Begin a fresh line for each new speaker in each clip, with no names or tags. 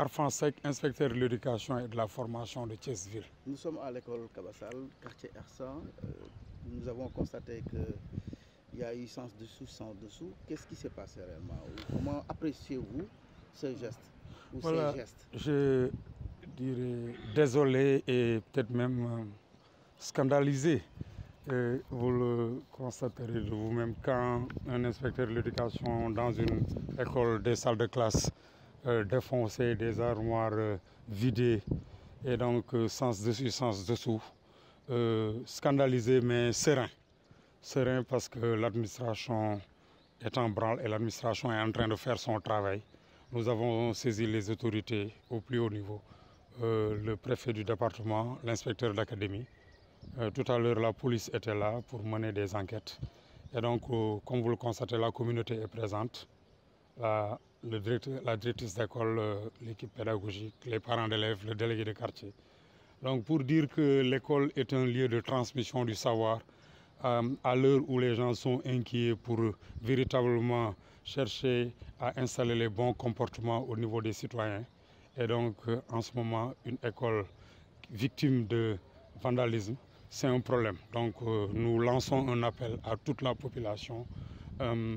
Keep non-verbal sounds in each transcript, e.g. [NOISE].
Arfan Seck, inspecteur de l'éducation et de la formation de Thiès-Ville.
Nous sommes à l'école Kabassal, quartier Ersan. Euh, nous avons constaté qu'il y a eu sens dessous, sens dessous. Qu'est-ce qui s'est passé réellement Comment appréciez-vous ce geste ou voilà, ces gestes
Je dirais désolé et peut-être même euh, scandalisé. Et euh, vous le constaterez de vous-même quand un inspecteur de l'éducation dans une école des salles de classe Euh, défoncés, des armoires euh, vidées et donc euh, sens dessus, sens dessous. scandalisé mais serein. Serein parce que l'administration est en branle et l'administration est en de faire son travail. Nous avons saisi les autorités au plus haut niveau, euh, le préfet du département, l'inspecteur d'académie. Euh, tout à l'heure, la police était là pour mener des enquêtes. Et donc, euh, comme vous le constatez, la communauté est présente. la, le directeur, la directrice d'école, euh, l'équipe pédagogique, les parents d'élèves, le délégué de quartier. pour dire que l'école est un lieu de transmission du savoir, euh, à l'heure où les gens sont inquiets pour véritablement chercher à installer les bons comportements au niveau des citoyens. Et donc euh, en ce moment, une école victime de vandalisme, c'est un problème. Donc euh, nous lançons un appel à toute la population euh,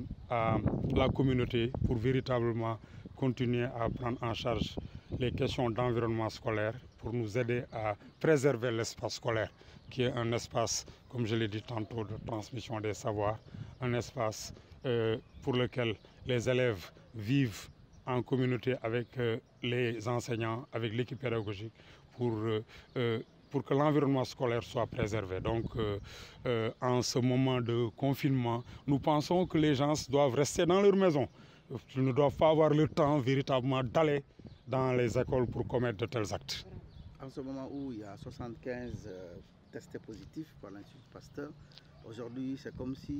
la communauté pour véritablement continuer à prendre en charge les questions d'environnement scolaire pour nous aider à préserver l'espace scolaire, qui est un espace, comme je l'ai dit tantôt, de transmission des savoirs, un espace euh, pour lequel les élèves vivent en communauté avec euh, les enseignants, avec l'équipe pédagogique, pour euh, euh, pour que l'environnement scolaire soit préservé. Donc, euh, euh, en ce de confinement, nous pensons les gens maison. Ils ne doivent pas le temps véritablement d'aller dans les écoles pour commettre de tels actes.
En ce moment où il y a 75 euh, testés comme si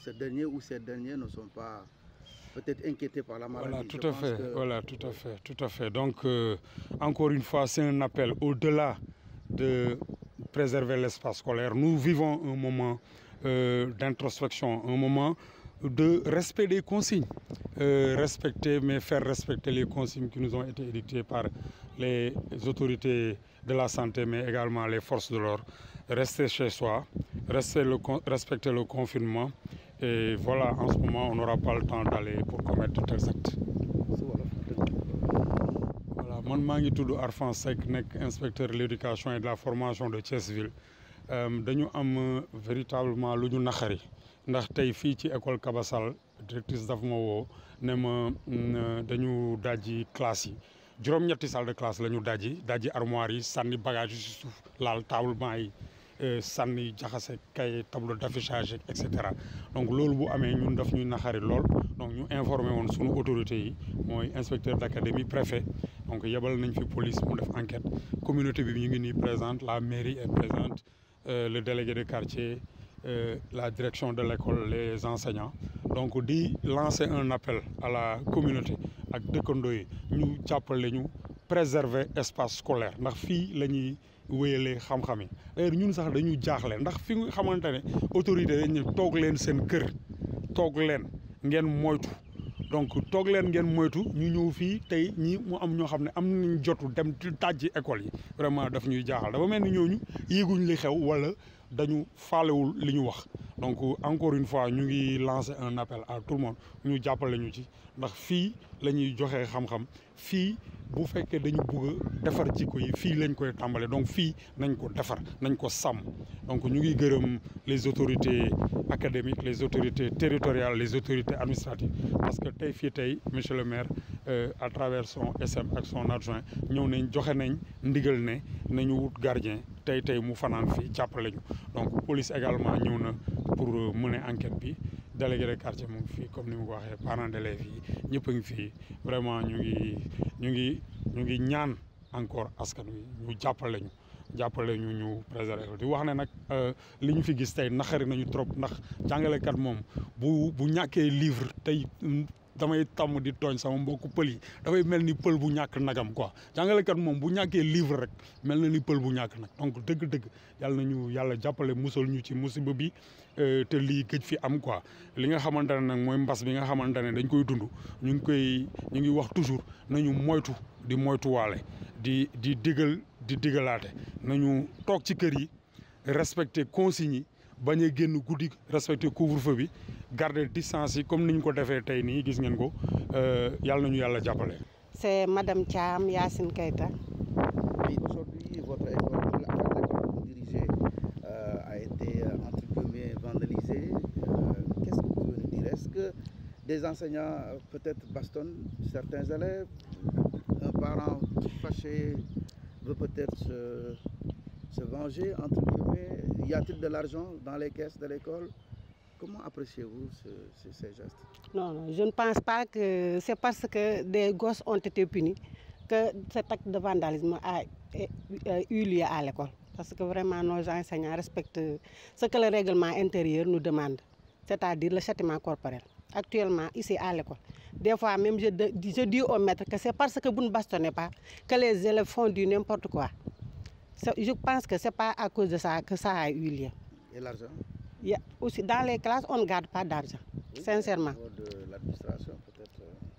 ce dernier ou ces derniers ne sont pas peut-être inquiété tout à fait. Que... Voilà,
tout à fait, tout à fait. Donc, euh, encore une fois, c'est un appel au de préserver l'espace scolaire. Nous vivons un moment euh, d'introspection, un moment de respect des consignes. Euh, respecter, mais faire respecter les consignes qui nous ont été édictées par les autorités de la santé, mais également les forces de l'ordre. Rester chez soi, rester le, respecter le confinement. Et voilà, en ce moment, on n'aura pas le temps d'aller pour commettre tels man maa ngi tudd Arfan Seck nekk inspecteur de l' éducation et la formation de Thiès ville euh, dañu am euh, véritablement lu ñu naxari ndax tey fii ci école Kabassal directrice daf ma woo ne ma mm, euh, dañu dajji classe yi juróom-ñetti salle de classe la ñu dajji dajji armoire yi sànni bagage yi si suuf laal tablement yi sànni jaxase kay tableau d'affichage et cetera donc loolu bu amee ñun daf ñuy naxari lool donc ñu informé woon sunu autorités yi mooy inspecteur d' académie préfet donc yebal nañ fi police mu def enquête communauté bi bi ñu ngi nii présente la mairie est présente euh, le délégué de quartier euh, la direction de l'école les enseignants donc di lancer un appel à la communauté ak dëkkandoo yi ñu jàppale lañu préserver espace scolaire ndax fii la ñuy wéyalee xam-xam yi d'ailleurs ñun sax dañuy jaaxle ndax fi nga xamante ne autorité dañ ne toog leen seen kër toog leen ngeen moytu donc toog leen ngeen moytu ñu ñëw fii tey ñii mu am ñoo xam ne am nañ jotu dem tàjji école yi vraiment daf ñuy jaaxal dafa mel ni ñooñu yéeguñ li xew wala dañu faalewul li ñu wax donc encore une fois ñu ngi lancer un appel à tout le monde ñu jàppale ñu ci ndax fii la ñuy joxee xam-xam fii bu fekkee dañu bëgg a defar jikko yi fii lañ koy tàmbale donc fii nañ ko defar nañ ko sàmm donc ñu ngi gërëm les autorités académiques les autorités territoriales les autorités administratives parce que tey fii tey monsieur le maire euh, à travers son SM ak son ñëw nañ joxe nañ ndigal ne nañu wut gardien tey tey mu fanaan fii jàppale ñu donc police également ñëw na pour euh, mener enquête bi délégué de quartier mu ngi fii comme ni mu ko waxee parents d'élèves yi ñëpp a ngi fii vraiment ñu ngi ñu ngi ñu ngi ñaan encore askan wi ñu jàppale ñu jàppale ñu ñu préserver ko di wax ne nag euh, li ñu fi gis tey naxari nañu trop ndax jàngalekat moom bu bu ñàkkee livre tey damay tàmm di tooñ sama mbokku pël yi dafay mel ni pël bu ñàkk nagam quoi jàngalekat moom bu ñàkkee livre rek mel na ni pël bu ñàkk nag donc dëgg-dëgg yàlla nañu yàlla jàppale musal ñu ci musiba bi euh, te lii gëj fi am quoi li nga xamante ne nag mooy mbas bi nga xamante ne dañ koy dund ñu ngi koy ñu ngi wax toujours nañu moytu di moytuwaale di di digal di digalaate nañu toog ci kër yi respecter consignes bañ génn guddi respecté couvre-feu bi garder distance yi comme ni ñu ko defee tey nii gis ngeen ko euh, yàlla nañu yàlla jàppale.
c'est madame Thiam Yacine Keita. Oui, aujourd'hui
votre école, l'école dirigée euh, a été euh, entre guillemets euh, qu'est-ce que vous pouvez nous des enseignants peut-être bastonnent certains élèves? Un parent fâché veut peut-être euh... se venger, entre guillemets Y a-t-il de l'argent dans les caisses de l'école Comment appréciez-vous ce, ce,
non, je ne pense pas que c'est parce que des gosses ont été punis que cet acte de vandalisme a, euh, eu lieu à l'école. Parce que vraiment, nos enseignants respectent ce que le règlement intérieur nous demande, c'est-à-dire le châtiment corporel. Actuellement, ici à l'école, des fois même je, je dis au maître que c'est parce que vous ne bastonnez pas que quoi. je pense que c'est pas à cause de ça que ça a aussi, Dans les classes, on ne garde pas d'argent, sincèrement.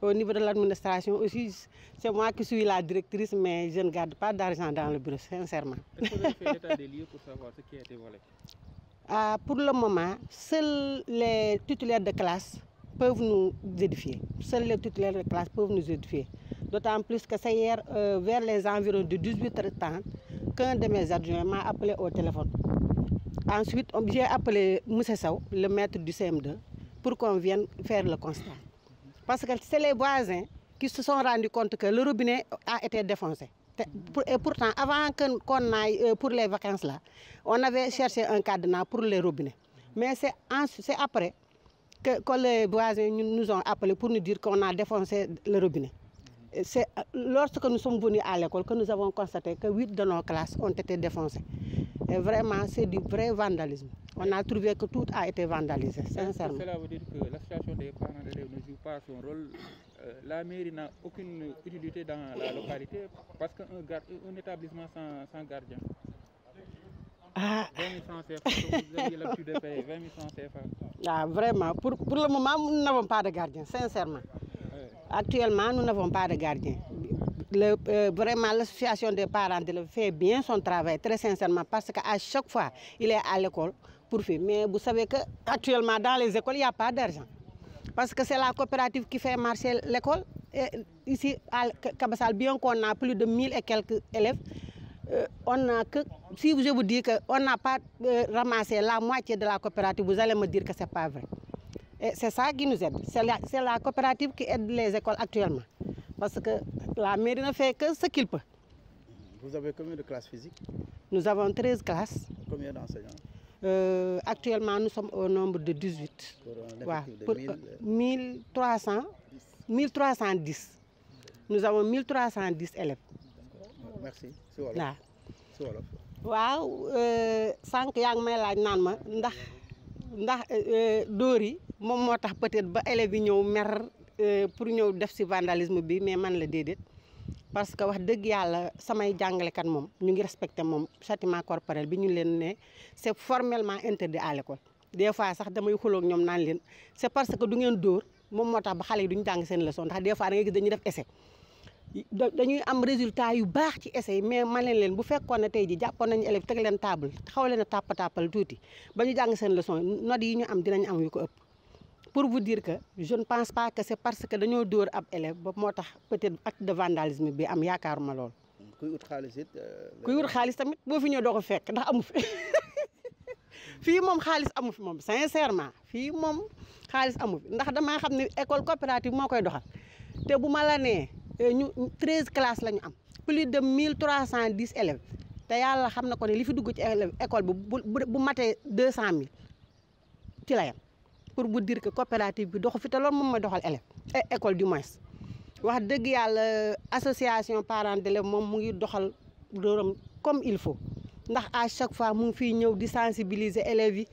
Au niveau de l'administration, peut-être euh. aussi, c'est moi qui la directrice, mais je ne garde pas d'argent dans le bureau, sincèrement.
[LAUGHS]
Ah, pour le moment, seuls les titulaires de classe peuvent nous édifier. Seuls les titulaires de classe peuvent nous édifier. plus que c'est hier, euh, vers les environs de 18 h 30 qu'un de mes adjoints m'a appelé au téléphone. Ensuite, j'ai appelé Moussa Sow, le maître du CM2, pour qu'on vienne faire le constat. Parce que c'est les voisins qui se sont rendus compte que le robinet a été défoncé. Et pourtant, avant qu'on aille euh, pour les vacances la on avait cherché un cadenas pour les robinets. Mais c'est après que, que les voisins nous ont appelés pour nous dire qu'on a défoncé le robinet. c'est lorsque nous sommes venus à l'école que nous avons constaté que huit de nos classes ont été défoncées. Et vraiment, c'est du vrai vandalisme. On a trouvé que tout a été vandalisé, sincèrement.
l'association des parents d'élèves ne euh, parce qu'un un établissement sans, gardien.
Ah. Ah, vraiment, pour le moment, nous n'avons pas de gardien, sincèrement. Actuellement, nous n'avons pas de gardien. Le, euh, vraiment, l'association des parents de fait bien son travail, très sincèrement, parce à chaque fois, il est à l'école pour faire. Mais vous savez qu'actuellement, dans les écoles, il n'y a pas d'argent. Parce que c'est la coopérative qui fait marcher l'école. Ici, à Kabassal, bien qu'on a plus de mille et quelques élèves, euh, on n'a que, si je vous n'a pas euh, ramassé la moitié de la coopérative, vous allez me dire que ce pas vrai. Et eh, c'est ça qui nous aide. la, la, coopérative qui aide les écoles actuellement. Parce que la mairie ne fait que ce qu'il peut.
Vous avez combien de classes physiques
Nous avons 13 classes. Euh, actuellement, nous sommes au nombre de 18. Pour, un ouais, de pour 1000, euh, 1300, euh, 1310. Nous avons 1310 élèves.
Merci. C'est voilà.
waaw euh, sànq yaa ngi laaj naan ma ndax ndax yi moom moo tax peut-être ba élèves yi ñëw mer euh, pour ñëw def si vandalisme bi mais man la déedéet parce que wax dëgg yàlla samay jàngalekat moom ñu ngi respecté moom châtiment corporel bi ñu leen ne c'est formellement interdit à l'école des fois sax damay xuloog ñoom naan leen c'est parce que du ngeen dóor moom moo tax ba xale yi duñu jàng seen leçon ndax des fois da ngay gis dañuy def essai dañuy am résultat yu baax ci essai yi mais man leen leen bu fekkoon ne tey ji jàppoon nañu élève teg leen table xaw leen a tuuti ba ñu jàng seen leçon yi ñu am dinañ am yu pour vous dire que jeune pense pas que c'est parce que dañoo dóor ab élève ba moo tax peut-être acte de vandalisme bi am yaakaaruma lool.
Euh, kuy ut
xaalis tamit boo fi ñëw doo fekk ndax amu fi [LAUGHS] fii moom xaalis amu fi moom sincèrement fii moom xaalis amu fi ndax damaa xam ne école coopérative moo koy doxal te bu ma la euh, ñu treize classes la ñu am plus de mille trois cent dix élèves te yàlla xam na ko ne li fi dugg ci élèves école bi bu bu matee deux cent mille ci la pour vous dire que coopérative bi dox fi te loolu moom mooy doxal élève e, école du mais wax dëgg yàlla association parents d'élèves moom mu ngi doxal dooram comme il faut ndax à chaque fois mu ngi ñëw di sensibiliser élèves yi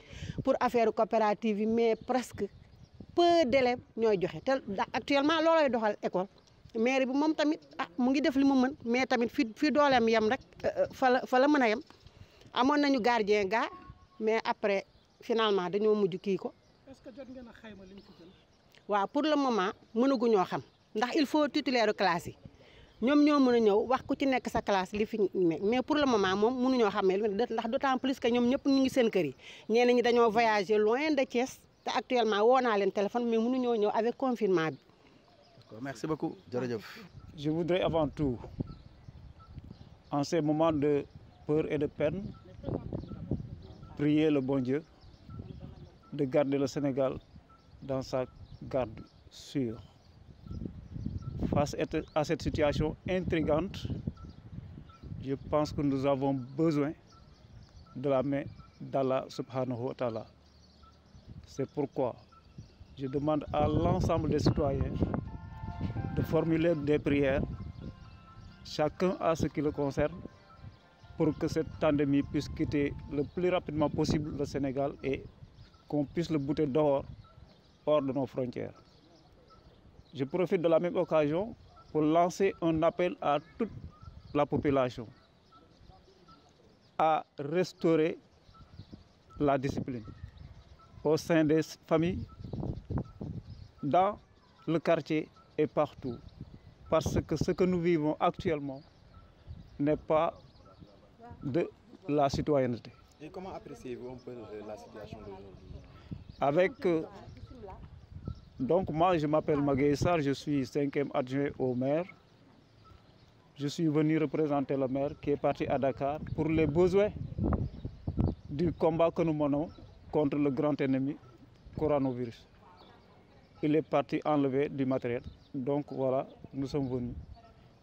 pour affaire coopérative yi mais presque peu d'élèves ñooy joxe te actuellement loolooy doxal école maire bi moom tamit ah mu ngi def li mu mën mais tamit fi fi dooleem yem rek euh, euh, fa la fa la mën a yem amoon nañu gardien ga mais après finalement dañoo mujj kii ko est-ce que jot ngeen a xayma li ñu xam ndax il faut titulaire classe yi ñoom ñoo mën a ñëw wax ku ci nekk sa classe li fi mais pour le moment moom mënuñoo xam ne ndax d'autant plus que ñoom ñëpp ñu seen kër yi ñi dañoo voyager loin de Thiès te actuellement woo naa leen téléphone mais mënuñoo ñëw avec confinement bi.
d'accord merci je
voudrais avant tout en ces moments de peur et de peine prier le bon de garder le Sénégal dans sa garde sûre. Face à cette situation intrigante, je pense que nous avons besoin de la main d'Allah subhanahu wa ta'ala. C'est pourquoi je demande à l'ensemble des citoyens de formuler des prières, chacun à ce qui le concerne, pour que cette pandémie puisse quitter le plus rapidement possible le Sénégal et qu'on puisse le bouter dehors, hors de nos frontières. Je profite de la même occasion pour lancer un appel à toute la population à restaurer la discipline au sein des familles, dans le quartier et partout. Parce que ce que nous vivons actuellement n'est pas de la citoyenneté.
Et comment appréciez-vous euh, situation d'aujourd'hui
Avec. Euh, donc, moi, je m'appelle Maguessar, je suis cinquième adjoint au maire. Je suis venu représenter le maire qui est parti à Dakar pour les besoins du combat que nous menons contre le grand ennemi, coronavirus. Il est parti enlever du matériel. Donc voilà, nous sommes venus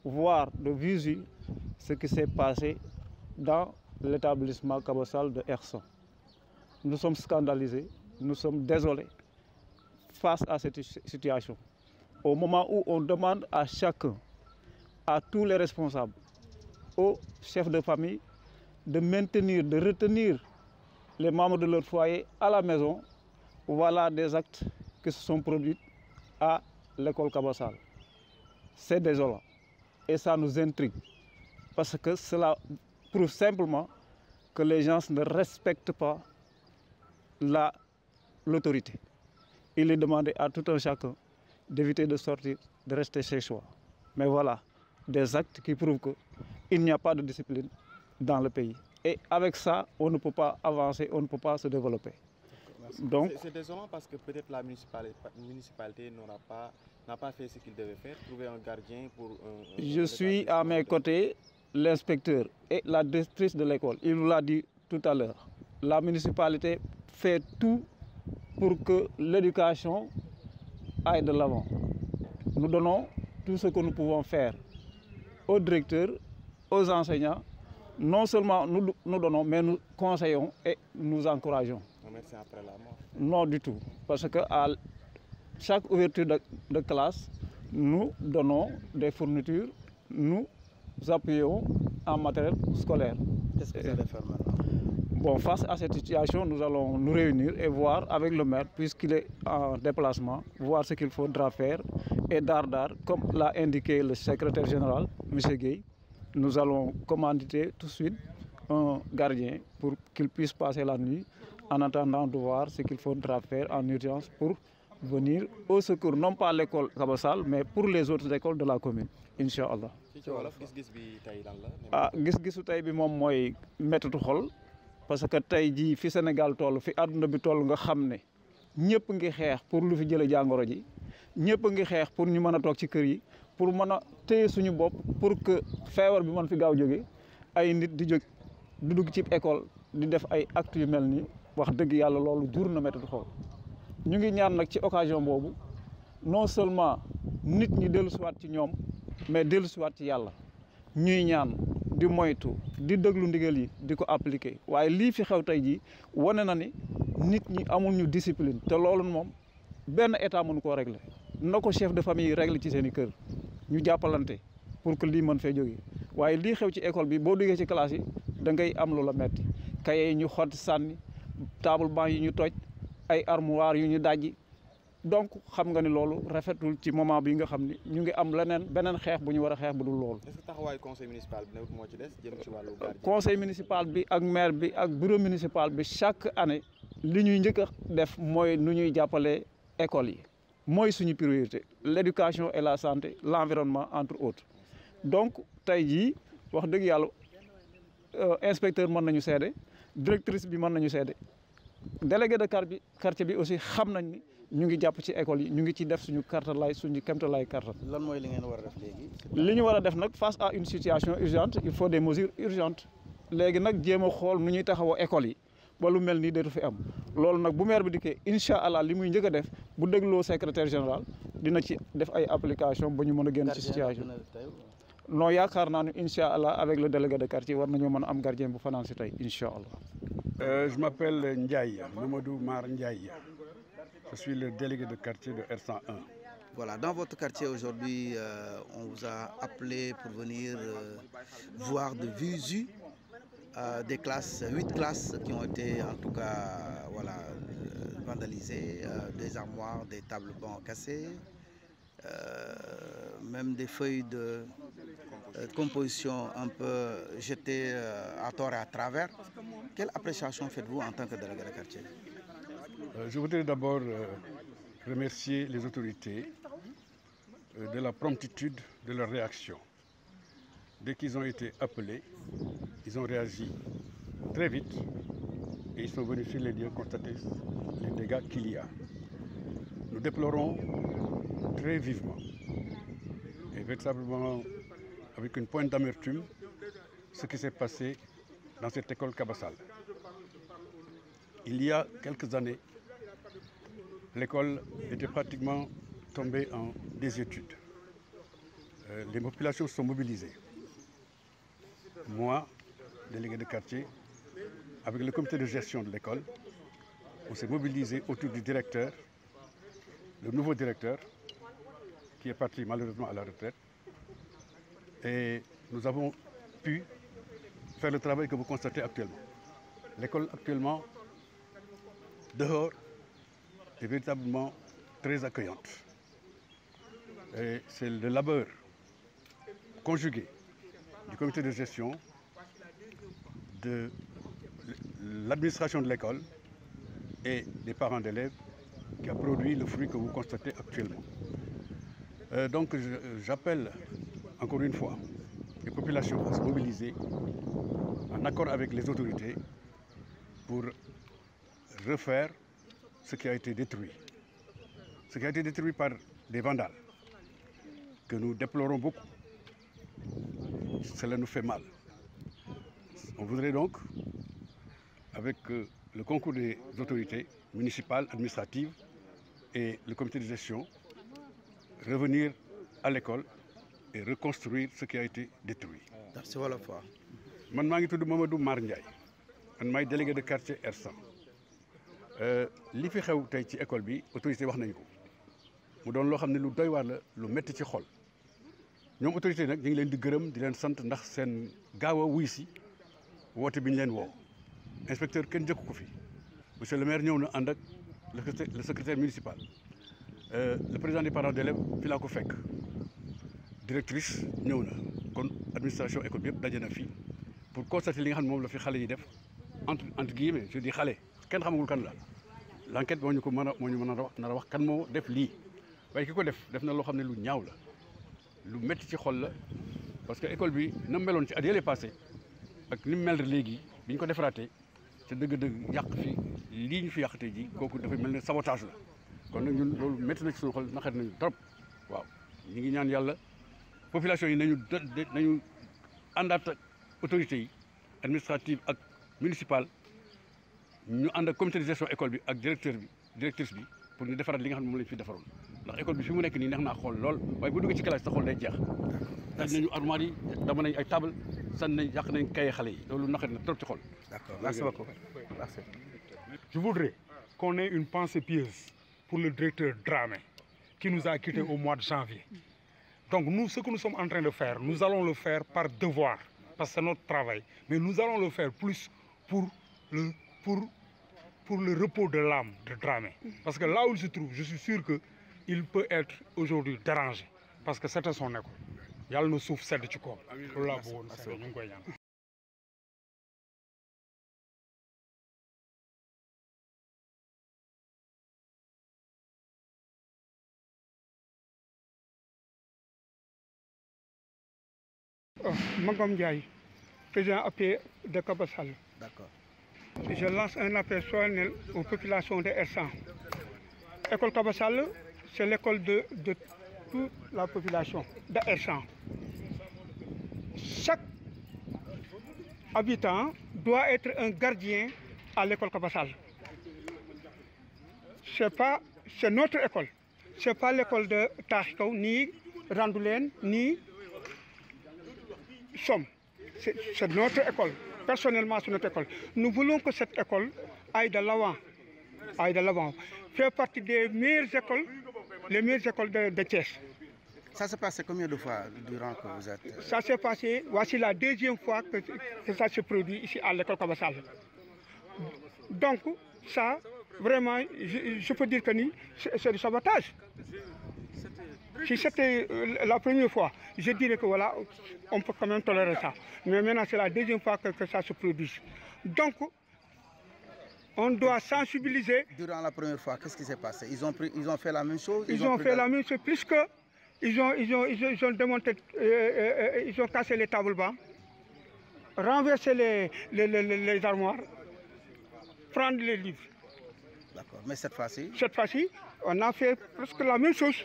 voir de visu ce qui s'est passé dans l'établissement Cabossal de Herson. Nous sommes scandalisés, nous sommes désolés face à cette situation. Au moment où on demande à chacun, à tous les responsables, au chefs de famille, de maintenir, de retenir les membres de leur foyer à la maison, voilà des actes qui se sont produits à l'école Cabossal. C'est désolant et ça nous intrigue parce que cela prouve simplement que les gens ne respectent pas l'autorité. La, Il est demandé à tout un chacun d'éviter de sortir, de rester chez soi. Mais voilà, des actes qui prouvent qu'il n'y a pas de discipline dans le pays. Et avec ça, on ne peut pas avancer, on ne peut pas se développer.
Donc, c'est désolant parce que peut-être la municipalité, municipalité n'aura pas, n'a pas fait ce qu'il devait faire, trouver un gardien pour. Un, un je
suis à mes côtés l'inspecteur et la directrice de l'école. Il nous l'a dit tout à l'heure. La municipalité fait tout pour que l'éducation aille de l'avant. Nous donnons tout ce que nous pouvons faire aux directeurs, aux enseignants. Non seulement nous, nous donnons, mais nous conseillons et nous encourageons.
la mort
Non du tout. Parce que à chaque ouverture de, classe, nous donnons des fournitures, appuyer en matériel scolaire. Qu'est-ce que Bon, face à cette situation, nous allons nous réunir et voir avec le maire, puisqu'il est en déplacement, voir ce qu'il faudra faire. Et Dardar, comme l'a indiqué le secrétaire général, monsieur Gay, nous allons commanditer tout de suite un gardien pour qu'il puisse passer la nuit en attendant de voir ce qu'il faudra faire en urgence pour venir au secours non pas l'école Kabassal mais pour les autres écoles de la commune incha allah.
gis-gis bi tey lan la.
ah gis-gisu tey bi moom mooy méttitu xol parce que tey jii fi Sénégal tool fi àdduna bi tool nga xam ne ñëpp ngi xeex pour lu fi jëlee jàngoro ji ñëpp ngi xeex pour ñu mën a toog ci kër yi pour mën a téye suñu bopp pour que feebar bi mën fi gaaw jóge ay nit di jóg di dugg ci école di def ay actes yu mel nii wax dëgg yàlla loolu jur na méttitu xol. ñu ngi ñaan nag ci occasion boobu non seulement nit ñi dellusiwaat ci ñoom mais dellusiwaat ci yàlla ñuy ñaan di moytu di déglu ndigal yi di ko appliquer waaye lii fi xew tey jii wane na ni nit ñi amul ñu discipline te loolu moom benn état mënu koo régler na ko chef de famille yi régler ci seen i kër ñu jàppalante pour que lii mën fee jógee waaye lii xew ci école bi boo duggee ci classe yi da ngay am lu la metti kaye ñu xotti sànni table banc yi ñu toj ay armoire yu ñu dajji donc xam nga ni loolu rafetul ci moment bi nga xam ni ñu ngi am leneen beneen xeex bu ñu war a xeex bu dul loolu. est-ce
que taxawaayu conseil municipal bi moo ci des jëm ci wàllu
conseil municipal bi ak maire bi ak bureau municipal bi chaque année li ñuy njëkk def mooy nu ñuy jàppale école yi mooy suñu priorité l'éducation et la santé l'environnement entre autres donc tey jii wax dëgg yàlla euh, inspecteur mën nañu seede directrice bi mën nañu seede. délégué de quartier bi quartier bi aussi xam nañ ñu ngi jàpp ci école yi ñu ngi ci def suñu kartalaay suñu kemtalaay karta
lan mooy li ngeen war a li ñu
war a def nag face à une situation urgente il faut des mesures urgentes léegi nag jéem a xool nu ñuy taxawoo école yi ba lu mel nii deetu fi am loolu nag bu meer bi dikkee incha allah li muy njëkk def bu dégloo secrétaire général dina ci def ay application ba ñu mën a génn ci situation non yaakaar naa ne incha allah avec le délégué de nañoo mën a am gardien bu fanaan si tey incha
allah Euh, je m'appelle Ndiaye, Mamadou Mar Ndiaye. Je suis le
délégué de quartier de R101. Voilà, dans votre quartier aujourd'hui, euh, on vous a appelé pour venir euh, voir de visu euh, des classes, qui ont été en tout cas voilà, vandalisées, des armoires, des tables bancs cassées, Euh, même des feuilles de euh, composition un peu jetées euh, à tort et à travers. Quelle appréciation faites-vous en tant que délégué de quartier Je voudrais d'abord
remercier les autorités de la promptitude de leur réaction. Dès qu'ils ont été appelés, ils ont réagi très et ils sont venus sur les lieux constater les dégâts qu'il y a. Nous déplorons très vivement. Et véritablement avec une pointe d'amertume, ce qui s'est passé dans cette école Kabassal.
Il y a quelques années,
l'école était pratiquement tombée en désuétude. Euh, les populations sont mobilisées. Moi, délégué de quartier, avec le comité de gestion de l'école, on s'est mobilisé autour du directeur, le nouveau directeur, qui est parti malheureusement à la retraite. Et nous avons pu faire le travail que vous constatez actuellement. L'école actuellement, dehors, est véritablement très accueillante. Et c'est le labeur conjugué du comité de gestion, de l'administration de l'école et des parents d'élèves qui a produit le fruit que vous constatez actuellement. Euh, donc j'appelle encore une fois les populations à se mobiliser en accord avec les autorités pour refaire ce qui a été détruit. Ce qui a été détruit par des vandales que nous déplorons beaucoup. Cela nous fait mal. On voudrait donc, avec euh, le concours des autorités municipales, administratives et le comité de gestion, revenir à l'école et reconstruire ce détruit. si wolof waaw. man maa ngi tudd Mamadou Mar Ndiaye man maay délégué de quartier R100 euh, li fi xew tey ci école bi autorité wax nañ ko mu doon loo xam ne lu doy waar la lu métti ci xol ñoom autorité nag ñu ngi leen di gërëm di leen sant ndax seen gaawa a wuy si woote bi ñu leen woo inspecteur kenn jëkku ko fi monsieur le maire ñëw na ànd ak le secrétaire municipal. Euh, le président des parents d'élèves fi laa ko fekk directrice ñëw na kon administration école bi yëpp daje na fii pour constater li nga xam ne moom la fi xale yi def entre entre guillemets je dis xale kenn xamagul kan la l' enquête ñu ko mën a moo ñu mën a wax nar a wax kan moo def lii waaye ki ko def def na loo xam ne lu ñaaw la lu metti ci xol la parce que école bi na meloon ci at yële passé ak ni mu mel léegi bi ñu ko defaraatee ci dëgg-dëgg yàq fi lii ñu fi yàq tey ji kooku dafay mel ne sabotage la. kon nag ñun loolu métti na ci suñu xol naqari nañu trop waaw ñu ngi ñaan yàlla population yi nañu nañu àndaat ak autorités yi administrative ak municipale ñu ànd ak comité de gestion école bi ak directeur bi directrice bi pour ñu defaraat li nga xam ne moom lañu fi defaroon ndax école bi fi mu nekk nii neex naa xool lool waaye bu duggee ci classe sa xool day jeex tànn nañu armoire yi dama nañ ay table san nañ yàq nañ kaye xale yi loolu naqari na trop ci xol
d'accord merci beaucoup merci je voudrais
qu'on ait une pensée pieuse
pour le directeur Dramé, qui nous a quittés au mois de janvier. Donc nous, ce que nous sommes en train de faire, nous allons le faire par devoir, parce que c'est notre travail. Mais nous allons le faire plus pour le, pour, pour le repos de l'âme de Dramé. Parce que là où il se trouve, je suis sûr qu'il peut être aujourd'hui dérangé, parce que c'était son école. yàlla na suuf sedd ci kaw loolu laa bëggoon ñu ngi koy ñaan
Mangom Ndiaye, président appuyé de Kabassal. Je lance un appel solennel aux populations de Ersan. École Kabassal, c'est l'école de, de toute la population de Ersan. Chaque habitant doit être un gardien à l'école Kabassal. C'est pas c'est notre école. C'est pas l'école de Tahikaw ni Randoulène ni sommes, c'est notre école, personnellement c'est notre école. Nous voulons que cette école aille de l'avant, aille de l'avant, fait partie des meilleures écoles, les meilleures écoles de, de Ça s'est passé combien de fois durant que vous êtes euh, la deuxième se produit ici à l'école Kabassal. Donc, ça, vraiment, je, peux dire que c'est du sabotage. Si c'était euh, la première fois, je dirais que voilà, on peut quand même tolérer ça. Mais maintenant, c'est la deuxième fois que, que ça se produit. Donc, on doit sensibiliser. Durant la première fois, qu'est-ce qui s'est passé ils ont, fait
la même chose Ils, ils ont, ont la...
la... même chose, puisque ils ont, ils ont, ils ont, ils ont démonté, euh, euh, euh ils ont cassé les tables bas, renversé les, les, armoires, prendre les livres. mais Cette fois-ci, on a fait presque la même chose.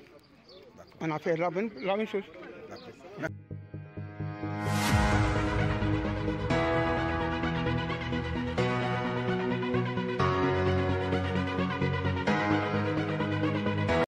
on a fait la même, la même chose.